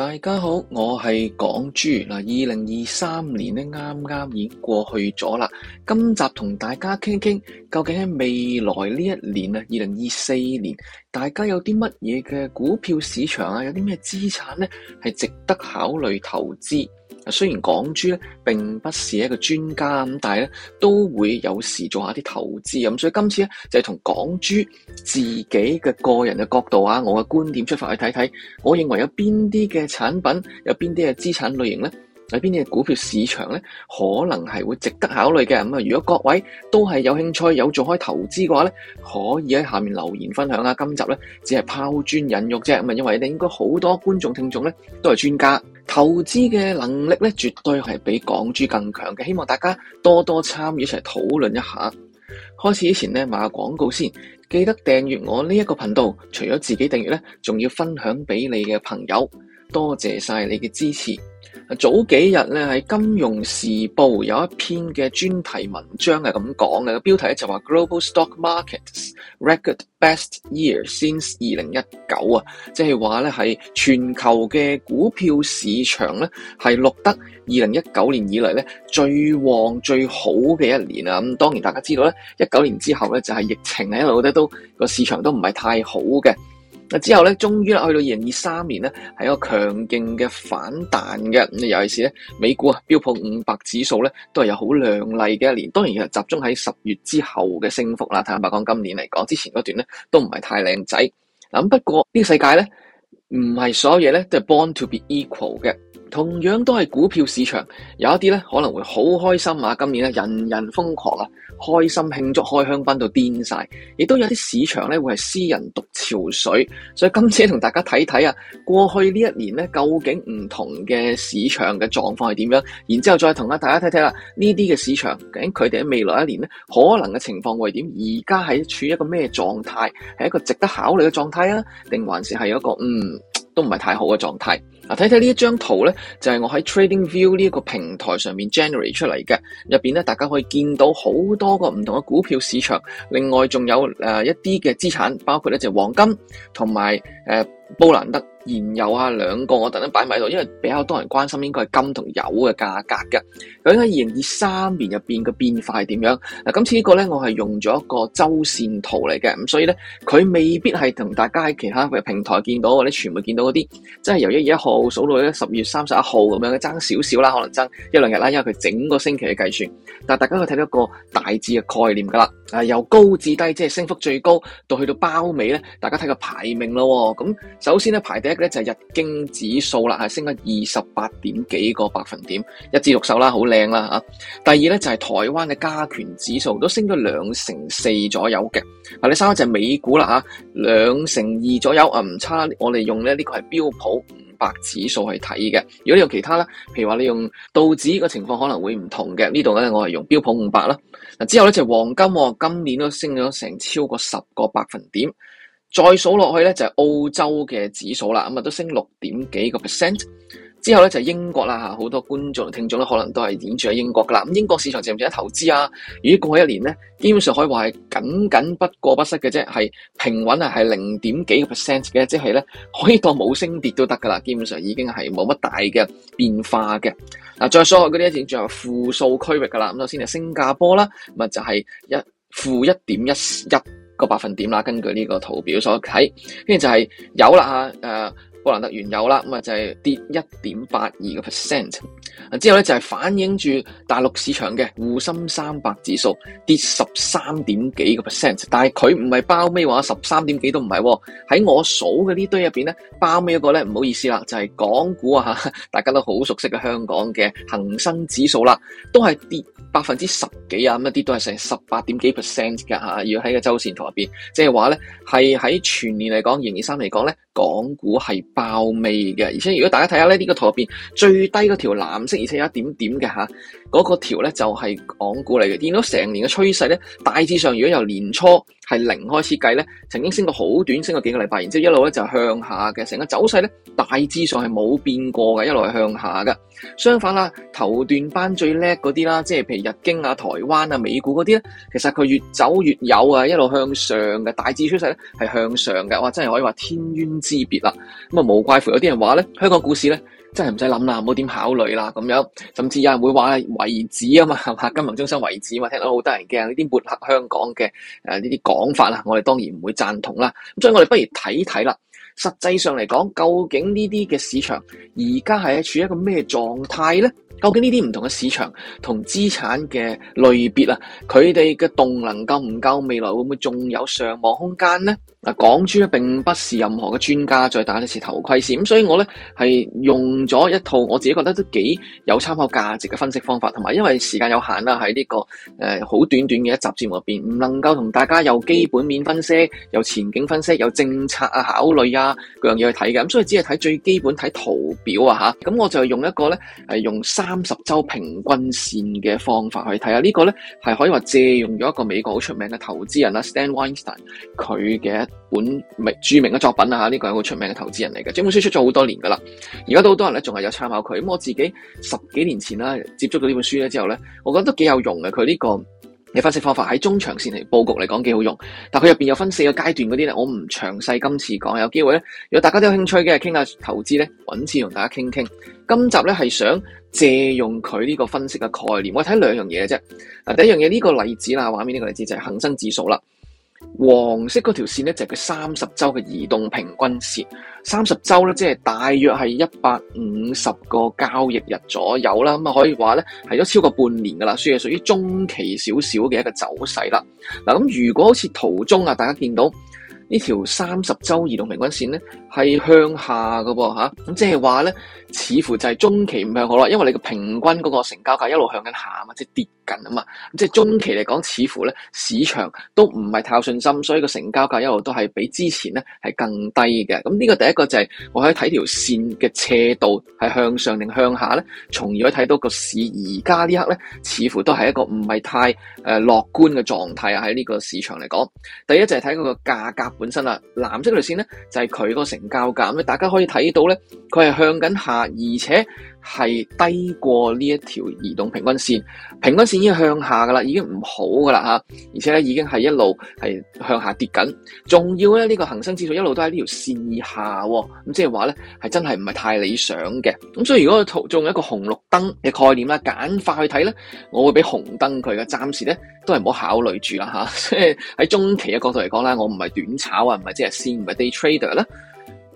大家好，我係港豬嗱，二零二三年咧啱啱已經過去咗啦。今集同大家傾一傾，究竟喺未來呢一年啊，二零二四年，大家有啲乜嘢嘅股票市場啊，有啲咩資產咧，係值得考慮投資？雖然港豬咧並不是一個專家咁，但係咧都會有時做一下啲投資咁，所以今次咧就係、是、同港豬自己嘅個人嘅角度啊，我嘅觀點出發去睇睇，我認為有邊啲嘅產品，有邊啲嘅資產類型咧。喺邊啲嘅股票市場咧，可能係會值得考慮嘅。咁啊，如果各位都係有興趣有做開投資嘅話咧，可以喺下面留言分享下。今集咧只係拋磚引玉啫。咁啊，因為你應該好多觀眾聽眾咧都係專家，投資嘅能力咧絕對係比港豬更強嘅。希望大家多多參與一齊討論一下。開始之前咧，賣下廣告先。記得訂閱我呢一個頻道，除咗自己訂閱咧，仲要分享俾你嘅朋友。多謝曬你嘅支持。早幾日咧喺《金融時報》有一篇嘅專題文章係咁講嘅，個標題咧就話 Global Stock Markets Record Best Year Since 2019啊，即係話咧係全球嘅股票市場咧係錄得2019年以嚟咧最旺最好嘅一年啊！咁當然大家知道咧，一九年之後咧就係疫情，係一路咧都個市場都唔係太好嘅。嗱，之後咧，終於咧去到二零二三年咧，係一個強勁嘅反彈嘅。咁尤其是咧，美股啊，標普五百指數咧，都係有好亮麗嘅一年。當然其實集中喺十月之後嘅升幅啦。坦白講，今年嚟講，之前嗰段咧都唔係太靚仔。咁不過呢個世界咧，唔係所有嘢咧都係 born to be equal 嘅。同樣都係股票市場，有一啲咧可能會好開心啊！今年咧人人瘋狂啊，開心慶祝開香檳到癲晒，亦都有啲市場咧會係斯人獨憔悴，所以今次同大家睇睇啊，過去呢一年咧究竟唔同嘅市場嘅狀況係點樣？然之後再同大家睇睇啦，呢啲嘅市場，究竟佢哋喺未來一年咧可能嘅情況會係點？而家係處於一個咩狀態？係一個值得考慮嘅狀態啊，定還是係一個嗯都唔係太好嘅狀態？嗱，睇睇呢一張圖咧，就係、是、我喺 TradingView 呢一個平台上面 generate 出嚟嘅，入邊咧大家可以見到好多個唔同嘅股票市場，另外仲有誒、呃、一啲嘅資產，包括一隻、就是、黃金同埋誒。布蘭德原油啊，兩個，我特登擺埋度，因為比較多人關心應該係金同油嘅價格嘅。究竟喺二零二三年入邊嘅變化係點樣？嗱，今次呢個咧，我係用咗一個周線圖嚟嘅，咁所以咧，佢未必係同大家喺其他嘅平台見到或者傳媒見到嗰啲，即係由一月一號數到十二月三十一號咁樣爭少少啦，可能爭一兩日啦，因為佢整個星期嘅計算。但大家都睇到一個大致嘅概念㗎啦。嗱，由高至低，即係升幅最高到去到包尾咧，大家睇個排名咯。咁首先咧，排第一呢咧就係日經指數啦，係升咗二十八點幾個百分點，一枝獨秀啦，好靚啦嚇。第二咧就係台灣嘅加權指數都升咗兩成四左右嘅。嗱，第三就係美股啦嚇，兩成二左右啊，唔差。我哋用咧呢個係標普五百指數去睇嘅。如果你用其他咧，譬如話你用道指嘅情況可能會唔同嘅。呢度咧我係用標普五百啦。嗱，之後咧就係黃金喎，今年都升咗成超過十個百分點。再數落去咧就係、是、澳洲嘅指數啦，咁啊都升六點幾個 percent，之後咧就係、是、英國啦吓，好多觀眾聽眾咧可能都係諗住喺英國噶啦，咁英國市場值唔值得投資啊？如果過去一年咧，基本上可以話係僅僅不過不失嘅啫，係平穩啊，係零點幾個 percent 嘅，即係咧可以當冇升跌都得噶啦，基本上已經係冇乜大嘅變化嘅。嗱，再數下嗰啲仲有負數區域噶啦，咁首先就係新加坡啦，咁啊就係一負一點一一。個百分點啦，根據呢個圖表所睇，跟住就係有啦嚇，誒，布蘭特原油啦，咁啊就係、是、跌一點八二個 percent。之後咧就係、是、反映住大陸市場嘅滬深三百指數跌十三點幾個 percent，但係佢唔係包尾話十三點幾都唔係喎，喺我數嘅呢堆入邊咧包尾一個咧唔好意思啦，就係、是、港股啊吓，大家都好熟悉嘅香港嘅恒生指數啦，都係跌百分之十幾啊咁一啲都係成十八點幾 percent 嘅吓，要喺個周線圖入邊，即係話咧係喺全年嚟講，二零二三嚟講咧，港股係包尾嘅，而且如果大家睇下咧呢個圖入邊最低嗰條藍。顏色，而且有一點點嘅吓，嗰、那個條咧就係港股嚟嘅。見到成年嘅趨勢咧，大致上如果由年初係零開始計咧，曾經升過好短，升過幾個禮拜，然之後一路咧就向下嘅。成個走勢咧，大致上係冇變過嘅，一路向下噶。相反啦，頭段班最叻嗰啲啦，即係譬如日經啊、台灣啊、美股嗰啲咧，其實佢越走越有啊，一路向上嘅。大致趨勢咧係向上嘅。哇，真係可以話天淵之別啦。咁啊，無怪乎有啲人話咧，香港股市咧。真係唔使諗啦，唔好點考慮啦咁樣，甚至有人會話遺址啊嘛，係嘛，金融中心遺址嘛，聽到好多人驚呢啲抹黑香港嘅誒啲講法啦，我哋當然唔會贊同啦。咁所以我哋不如睇睇啦。實際上嚟講，究竟呢啲嘅市場而家係處於一個咩狀態咧？究竟呢啲唔同嘅市場同資產嘅類別啊，佢哋嘅動能夠唔夠？未來會唔會仲有上望空間咧？港豬並並不是任何嘅專家，再打一次頭盔先，咁所以我呢係用咗一套我自己覺得都幾有參考價值嘅分析方法，同埋因為時間有限啦，喺呢、這個誒好、呃、短短嘅一集節目入邊，唔能夠同大家有基本面分析、有前景分析、有政策啊考慮啊各樣嘢去睇嘅，咁所以只係睇最基本睇圖表啊嚇，咁我就用一個呢，用三十週平均線嘅方法去睇啊，呢、這個呢係可以話借用咗一個美國好出名嘅投資人啦，Stan Weinstein e 佢嘅。本著名嘅作品啊，呢、這個係一個出名嘅投資人嚟嘅。整本書出咗好多年噶啦，而家都好多人咧，仲係有參考佢。咁我自己十幾年前啦、啊，接觸到呢本書咧之後咧，我覺得都幾有用嘅。佢呢個分析方法喺中長線嚟布局嚟講幾好用，但佢入邊有分四個階段嗰啲咧，我唔詳細今次講，有機會咧，如果大家都有興趣嘅，傾下投資咧，搵次同大家傾傾。今集咧係想借用佢呢個分析嘅概念，我睇兩樣嘢啫。嗱，第一樣嘢呢個例子啦，畫面呢個例子就係、是、恒生指數啦。黃色嗰條線咧就係佢三十周嘅移動平均線，三十周咧即係大約係一百五十個交易日左右啦，咁啊可以話咧係咗超過半年噶啦，算係屬於中期少少嘅一個走勢啦。嗱，咁如果好似圖中啊，大家見到。呢條三十週移動平均線咧係向下嘅噃吓，咁即係話咧，似乎就係中期唔向好啦，因為你個平均嗰個成交價一路向緊下啊嘛，即係跌緊啊嘛，即係中期嚟講，似乎咧市場都唔係太有信心，所以個成交價一路都係比之前咧係更低嘅。咁呢個第一個就係、是、我可以睇條線嘅斜度係向上定向下咧，從而可以睇到個市而家呢刻咧似乎都係一個唔係太誒樂觀嘅狀態啊！喺呢個市場嚟講，第一就係睇佢個價格。本身啦，藍色嗰條線咧就係佢個成交價。咁，大家可以睇到咧，佢係向緊下，而且，係低過呢一條移動平均線，平均線已經向下噶啦，已經唔好噶啦吓，而且咧已經係一路係向下跌緊，仲要咧呢個恒生指數一路都喺呢條線以下，咁即係話咧係真係唔係太理想嘅，咁所以如果套用一個紅綠燈嘅概念啦，簡化去睇咧，我會俾紅燈佢嘅，暫時咧都係唔好考慮住啦吓，即係喺中期嘅角度嚟講啦，我唔係短炒啊，唔係即係先唔係 day trader 啦。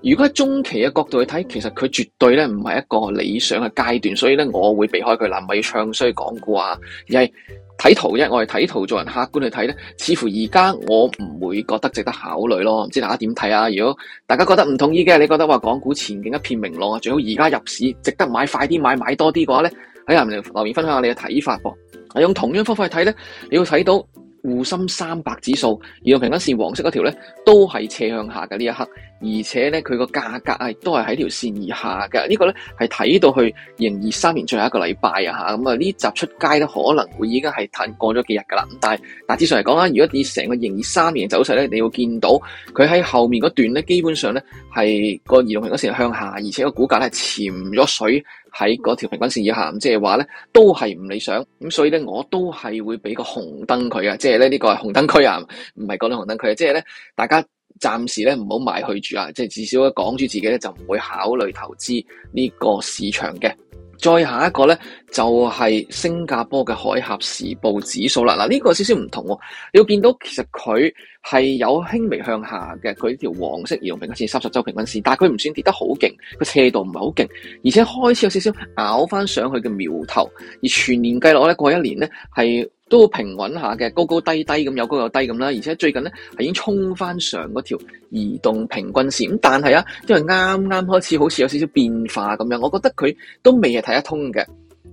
如果喺中期嘅角度去睇，其實佢絕對咧唔係一個理想嘅階段，所以咧我會避開佢。嗱，唔係要唱衰港股啊，而係睇圖一，我哋睇圖做人客觀去睇咧，似乎而家我唔會覺得值得考慮咯。唔知大家點睇啊？如果大家覺得唔同意嘅，你覺得話港股前景一片明朗啊，最好而家入市，值得買快啲買，買多啲嘅話咧，喺下面留言分享下你嘅睇法噃。係用同樣方法去睇咧，你要睇到滬深三百指數而用平均線黃色嗰條咧，都係斜向下嘅呢一刻。而且咧，佢個價格啊，都係喺條線以下嘅。這個、呢個咧係睇到去二零二三年最後一個禮拜啊！咁啊呢集出街呢，可能會已經係過咗幾日噶啦。咁但係大致上嚟講啦，如果以成個二零二三年走勢咧，你要見到佢喺後面嗰段咧，基本上咧係個移動平均線向下，而且個股價咧潛咗水喺嗰條平均線以下，即係話咧都係唔理想。咁所以咧，我都係會俾個紅燈佢嘅，即係咧呢、呢個係紅燈區啊，唔係講到紅燈區啊，即係咧大家。暫時咧唔好買去住啊，即係至少咧講住自己咧就唔會考慮投資呢個市場嘅。再下一個咧就係、是、新加坡嘅海峽時報指數啦，嗱、這、呢個少少唔同，你要見到其實佢。係有輕微向下嘅，佢條黃色移動平均線，三十周平均線，但係佢唔算跌得好勁，個斜度唔係好勁，而且開始有少少咬翻上佢嘅苗頭。而全年計落咧，過去一年咧係都平穩下嘅，高高低低咁有高有低咁啦。而且最近咧係已經衝翻上嗰條移動平均線咁，但係啊，因為啱啱開始好似有少少變化咁樣，我覺得佢都未係睇得通嘅。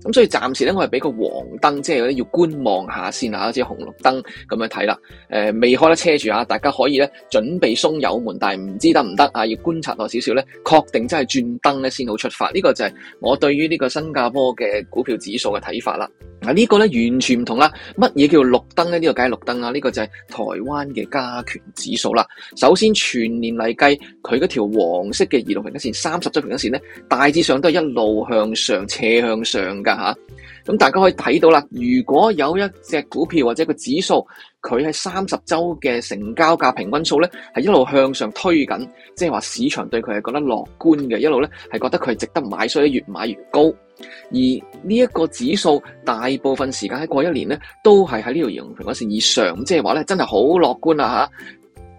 咁所以暫時咧，我係俾個黃燈，即係要觀望下先啊，好似紅綠燈咁樣睇啦、呃。未開得車住啊，大家可以咧準備鬆油門，但係唔知得唔得啊？要觀察多少少咧，確定真係轉燈咧先好出發。呢、呢個就係我對於呢個新加坡嘅股票指數嘅睇法啦。嗱、這個、呢個咧完全唔同啦，乜嘢叫綠燈咧？呢、這個梗係綠燈啦，呢、這個就係台灣嘅加權指數啦。首先全年嚟計，佢嗰條黃色嘅二六平均線、三十週平均線咧，大致上都係一路向上、斜向上㗎嚇咁、啊、大家可以睇到啦，如果有一隻股票或者個指數，佢喺三十週嘅成交價平均數咧，係一路向上推緊，即係話市場對佢係覺得樂觀嘅，一路咧係覺得佢值得買，所以越買越高。而呢一個指數大部分時間喺過一年咧，都係喺呢條形平均線以上，即係話咧真係好樂觀啊吓。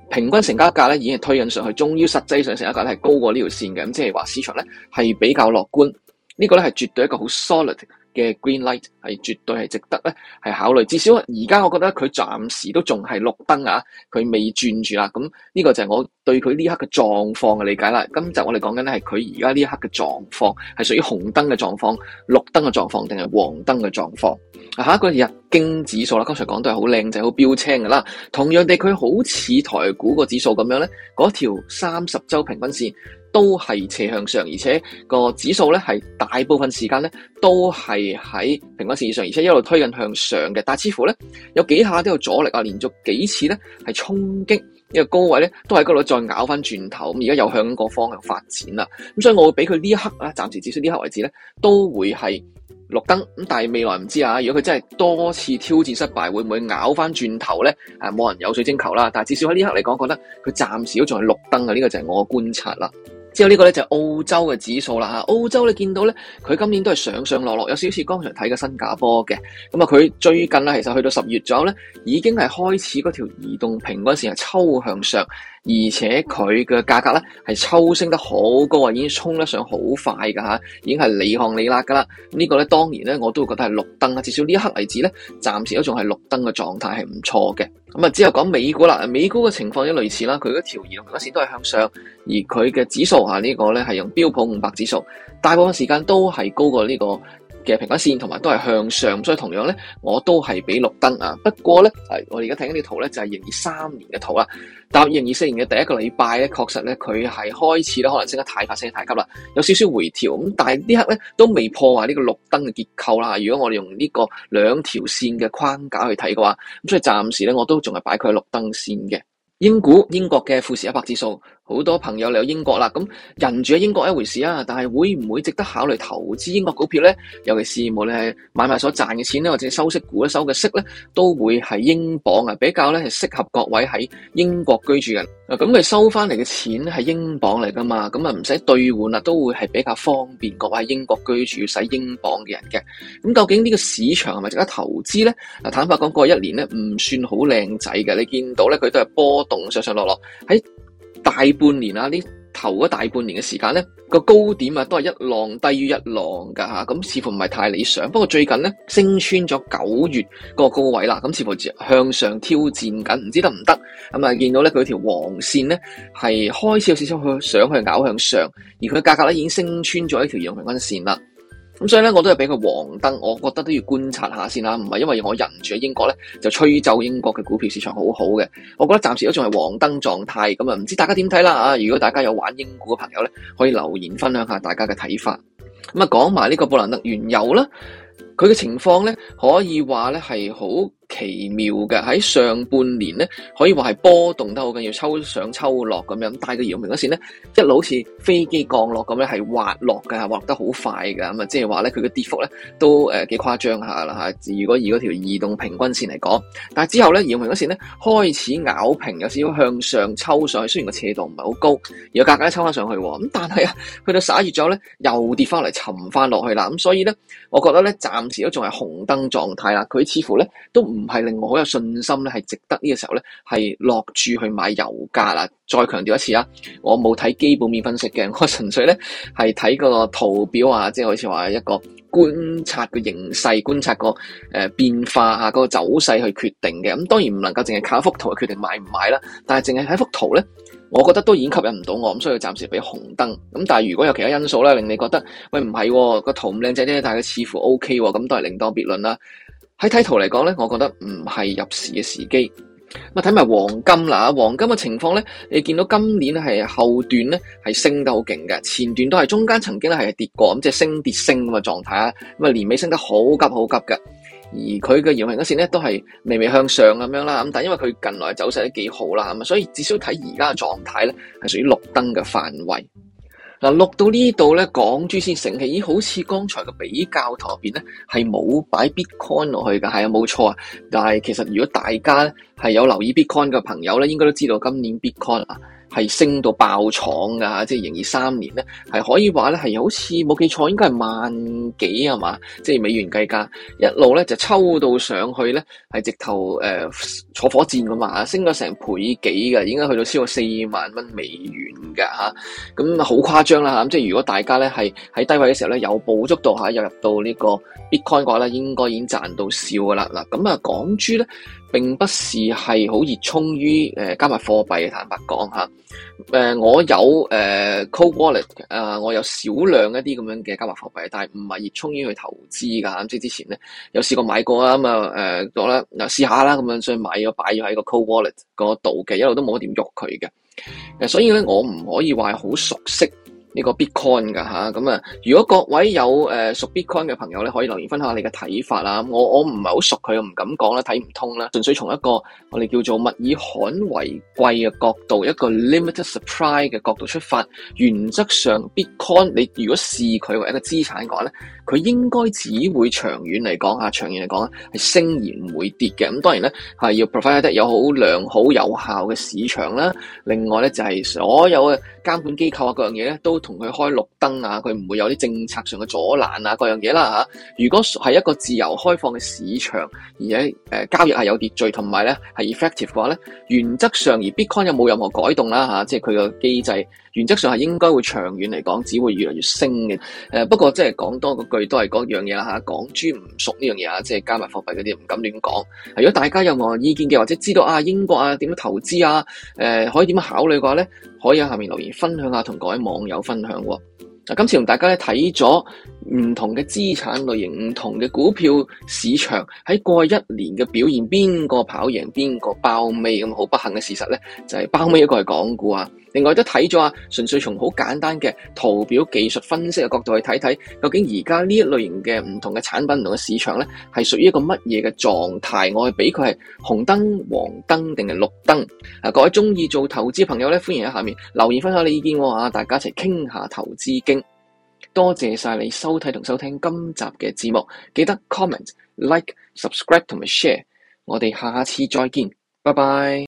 平均成交價咧已經係推緊上去，終於實際上成交價係高過呢條線嘅，咁即係話市場咧係比較樂觀。這個、呢個咧係絕對一個好 solid。嘅 Green Light 係絕對係值得咧，係考慮。至少而家我覺得佢暫時都仲係綠燈啊，佢未轉住啦。咁呢個就係我對佢呢刻嘅狀況嘅理解啦。今集我哋講緊咧係佢而家呢一刻嘅狀況係屬於紅燈嘅狀況、綠燈嘅狀況定係黃燈嘅狀況。下一個日經指數啦，剛才講都係好靚仔、好標青嘅啦。同樣地，佢好似台股個指數咁樣咧，嗰條三十週平均線。都係斜向上，而且個指數咧係大部分時間咧都係喺平均線以上，而且一路推緊向上嘅。但係似乎咧有幾下都有阻力啊，連續幾次咧係衝擊一個高位咧，都喺嗰度再咬翻轉頭。咁而家又向個方向發展啦。咁所以我會俾佢呢一刻咧，暫時指出呢刻位置咧，都會係綠燈。咁但係未來唔知啊，如果佢真係多次挑戰失敗，會唔會咬翻轉頭咧？誒，冇人有水晶球啦。但係至少喺呢一刻嚟講，覺得佢暫時都仲係綠燈啊。呢個就係我觀察啦。之後呢個呢就澳洲嘅指數啦，澳洲你見到呢，佢今年都係上上落落，有少少似剛才睇嘅新加坡嘅。咁啊，佢最近呢，其實去到十月左右呢，已經係開始嗰條移動平均線係抽向上。而且佢嘅價格咧係抽升得好高啊，已經衝得上好快噶吓，已經係你看你拉噶啦。這個、呢個咧當然咧我都覺得係綠燈啊，至少呢一刻為止咧，暫時都仲係綠燈嘅狀態係唔錯嘅。咁啊，之後講美股啦，美股嘅情況也類似啦，佢條移動嘅線都係向上，而佢嘅指數啊呢、這個咧係用標普五百指數，大部分時間都係高過呢、這個。嘅平均線同埋都係向上，所以同樣咧，我都係俾綠燈啊。不過咧，我哋而家睇緊呢個圖咧，就係二零二三年嘅圖啦。但二零二四年嘅第一個禮拜咧，確實咧佢係開始咧，可能升得太快、升得太急啦，有少少回調。咁但係呢刻咧都未破壞呢個綠燈嘅結構啦。如果我哋用呢個兩條線嘅框架去睇嘅話，咁所以暫時咧我都仲係擺佢喺綠燈線嘅。英股，英國嘅富時一百指數，好多朋友嚟到英國啦。咁人住喺英國一回事啊，但係會唔會值得考慮投資英國股票呢？尤其是無論係買賣所賺嘅錢呢，或者收息股咧收嘅息呢，都會係英鎊啊，比較咧係適合各位喺英國居住人。咁佢收翻嚟嘅錢係英鎊嚟噶嘛？咁啊唔使兌換啦，都會係比較方便各位喺英國居住使英鎊嘅人嘅。咁究竟呢個市場係咪值得投資呢？坦白講，過去一年咧唔算好靚仔嘅。你見到咧佢都係波。動上上落落喺大半年啊，呢頭嗰大半年嘅時間咧，個高點啊都係一浪低於一浪噶吓，咁似乎唔係太理想。不過最近咧，升穿咗九月個高位啦，咁似乎向上挑戰緊，唔知得唔得？咁啊，見到咧佢條黃線咧係開始有少少去上去咬向上，而佢嘅價格咧已經升穿咗一條移動平均線啦。咁所以咧，我都係俾佢黃燈，我覺得都要觀察下先啦，唔係因為我人住喺英國咧，就吹走英國嘅股票市場好好嘅，我覺得暫時都仲係黃燈狀態，咁啊唔知大家點睇啦啊！如果大家有玩英股嘅朋友咧，可以留言分享下大家嘅睇法。咁啊，講埋呢個布蘭特原油啦，佢嘅情況咧，可以話咧係好奇妙嘅喺上半年咧，可以話係波動得好緊要，抽上抽落咁樣。但係個移動平均線咧，一路好似飛機降落咁樣，係滑落嘅，係滑得好快嘅。咁啊，即係話咧，佢嘅跌幅咧都誒幾誇張下啦吓。如果以嗰條移動平均線嚟講，但係之後咧，移動平均線咧開始咬平，有少少向上抽上去。雖然個斜度唔係好高，而個價格咧抽翻上去。咁但係啊，去到十一月左右咧，又跌翻嚟，沉翻落去啦。咁所以咧，我覺得咧，暫時都仲係紅燈狀態啦。佢似乎咧都唔。唔係令我好有信心咧，係值得呢個時候咧，係落注去買油價啦。再強調一次啊，我冇睇基本面分析嘅，我純粹咧，係睇個圖表啊，即係好似話一個觀察個形勢、觀察個誒、呃、變化啊、個走勢去決定嘅。咁、嗯、當然唔能夠淨係靠一幅圖去決定買唔買啦。但係淨係睇幅圖咧，我覺得都已經吸引唔到我，咁、嗯、所以要暫時俾紅燈。咁、嗯、但係如果有其他因素咧，令你覺得喂唔係、啊個圖唔靚仔咧，但係佢似乎 OK 咁、啊，都係另當別論啦。喺睇圖嚟講咧，我覺得唔係入市嘅時機。咁啊，睇埋黃金啦，黃金嘅情況咧，你見到今年係後段咧係升得好勁嘅，前段都係中間曾經咧係跌過，咁即係升跌升咁嘅狀態啊。咁啊，年尾升得好急好急嘅，而佢嘅陽明一線咧都係微微向上咁樣啦。咁但係因為佢近來走勢都幾好啦，咁啊，所以至少睇而家嘅狀態咧係屬於綠燈嘅範圍。嗱，落到呢度咧講住先醒起，咦？好似剛才嘅比較圖入邊咧，係冇擺 Bitcoin 落去㗎，係啊，冇錯啊。但係其實如果大家係有留意 Bitcoin 嘅朋友咧，應該都知道今年 Bitcoin 啊。係係升到爆廠噶嚇，即係二零二三年咧，係可以話咧係好似冇記錯，應該係萬幾係嘛，即係、就是、美元計價，一路咧就抽到上去咧，係直頭誒、呃、坐火箭噶嘛，升咗成倍幾嘅，應該去到超過四萬蚊美元嘅嚇，咁好誇張啦咁、啊、即係如果大家咧係喺低位嘅時候咧有捕捉到又、啊、入到呢個 Bitcoin 嘅話咧，應該已經賺到笑嘅啦嗱，咁啊港豬咧。並不是係好熱衷於加密貨幣嘅，坦白講、呃、我有誒、呃、Cold Wallet、呃、我有少量一啲咁樣嘅加密貨幣，但係唔係熱衷於去投資㗎嚇。即、嗯、係之前咧有試過買過啊嘛，誒、嗯呃、試一下啦咁樣，所以買咗擺咗喺個 Cold Wallet 嗰度嘅，一路都冇點喐佢嘅。所以咧我唔可以話係好熟悉。呢個 Bitcoin 㗎吓，咁啊，如果各位有誒熟 Bitcoin 嘅朋友咧，可以留言分享下你嘅睇法啦。我我唔係好熟佢，又唔敢講啦，睇唔通啦。純粹從一個我哋叫做物以罕為貴嘅角度，一個 limited supply 嘅角度出發，原則上 Bitcoin 你如果視佢為一個資產嘅話咧，佢應該只會長遠嚟講吓，長遠嚟講係升而唔會跌嘅。咁、啊、當然咧係要 provide 得有好良好有效嘅市場啦。另外咧就係所有嘅監管機構啊，各樣嘢咧都。同佢開綠燈啊，佢唔會有啲政策上嘅阻攔啊，各樣嘢啦、啊、如果係一個自由開放嘅市場，而且、呃、交易係有秩序，同埋咧係 effective 嘅話咧，原則上而 Bitcoin 又冇任何改動啦、啊啊、即係佢個機制，原則上係應該會長遠嚟講，只會越嚟越升嘅。誒、啊、不過即係講多嗰句都、啊，都係嗰樣嘢啦嚇，港豬唔熟呢樣嘢啊，即係加密貨幣嗰啲唔敢亂講、啊。如果大家有冇意見嘅，或者知道啊英國啊點樣投資啊，啊可以點樣考慮嘅話咧？可以喺下面留言分享下，同各位網友分享喎。嗱，今次同大家咧睇咗唔同嘅資產類型、唔同嘅股票市場喺過去一年嘅表現，邊個跑贏邊個爆尾，咁好不幸嘅事實咧，就係包尾一個係港股啊。另外都睇咗啊，純粹從好簡單嘅圖表技術分析嘅角度去睇睇，究竟而家呢一類型嘅唔同嘅產品唔同嘅市場咧，係屬於一個乜嘢嘅狀態？我哋俾佢係紅燈、黃燈定係綠燈？啊，各位中意做投資朋友咧，歡迎喺下面留言分享你意見喎啊！大家一齊傾下投資經，多謝晒你收睇同收聽今集嘅節目，記得 comment、like、subscribe 同埋 share。我哋下次再見，拜拜。